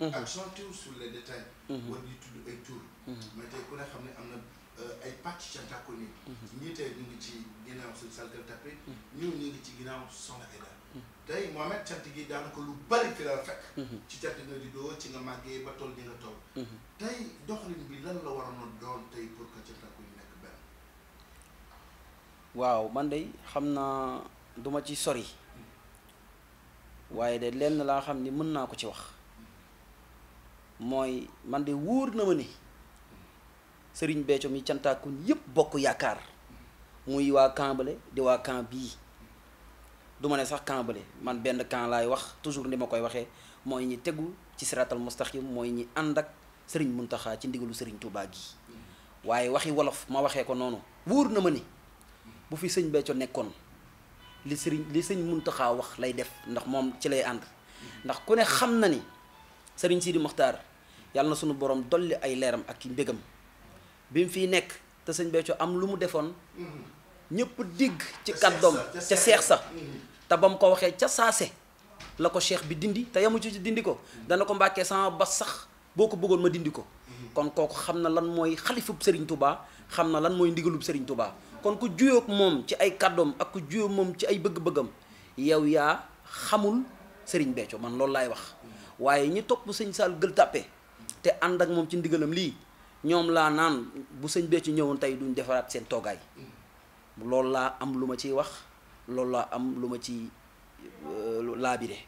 Mhm. accentuer sur les détails mhm. war mhm. tey xam ne am na euh, ay pàcc cantaako nii ñii tey ci ginnaaw suñ Saltel ci ginnaaw Soxna Aïda tey Mohamed cant gi bari fi la ba toll ni nga toll doxalin bi lan la war a doon tey pour que cantaako yi nekk benn waaw man de xam naa duma ci sori waaye de lenn laa xam ni mën naa ko ci wax mooy man de wóor na ma ni sëriñ Béthio mi cantaakun yëpp bokk yaakaar muy waa Kambale di waa camp bii du ma ne sax Kambale man benn camp wax toujours ni ma koy waxee mooy ñi tegu ci siratal mustaqim mooy ñi ànd ak Serigne Mountakha ci ndigalu sëriñ Touba gi waaye waxi wolof ma waxee ko noonu wóor na ma ni bu fi sëñ Béthio nekkoon li sëriñ li sëñ Mountakha wax lay def ndax moom ci lay ànd ndax ku ne xam na ni Serigne Sidi Mokhtar. yàlla na sunu borom dolli ay leeram ak i mbégam bi mu fiy nekk te sëñ Béthio am lu mu defoon ñëpp digg ci kàddoom ca seex sa mhm. te ba mu ko waxee ca saase la ko cheikh bi dindi te yamu ci dindi ko dana ko mbàkkee sama ba sax boo ko bëggoon ma dindi ko mhm. kon kooku xam na lan mooy xalifub Serigne tubaa xam na lan mooy ndigalub Serigne Touba kon ku juyoog moom ci ay kàddoom ak ku juyoo moom ci ay bëgg-bëggam yow yaa xamul Serigne Béthio man loolu laay wax mhm. waaye ñi sëñ Sall gël tàppe te ànd ak moom ci ndigalam lii ñoom laa naan bu sëñ bee ci ñëwoon tey duñ defaraat seen toogaay loolu laa am lu ma ciy wax loolu laa am lu ma ci euh, laabire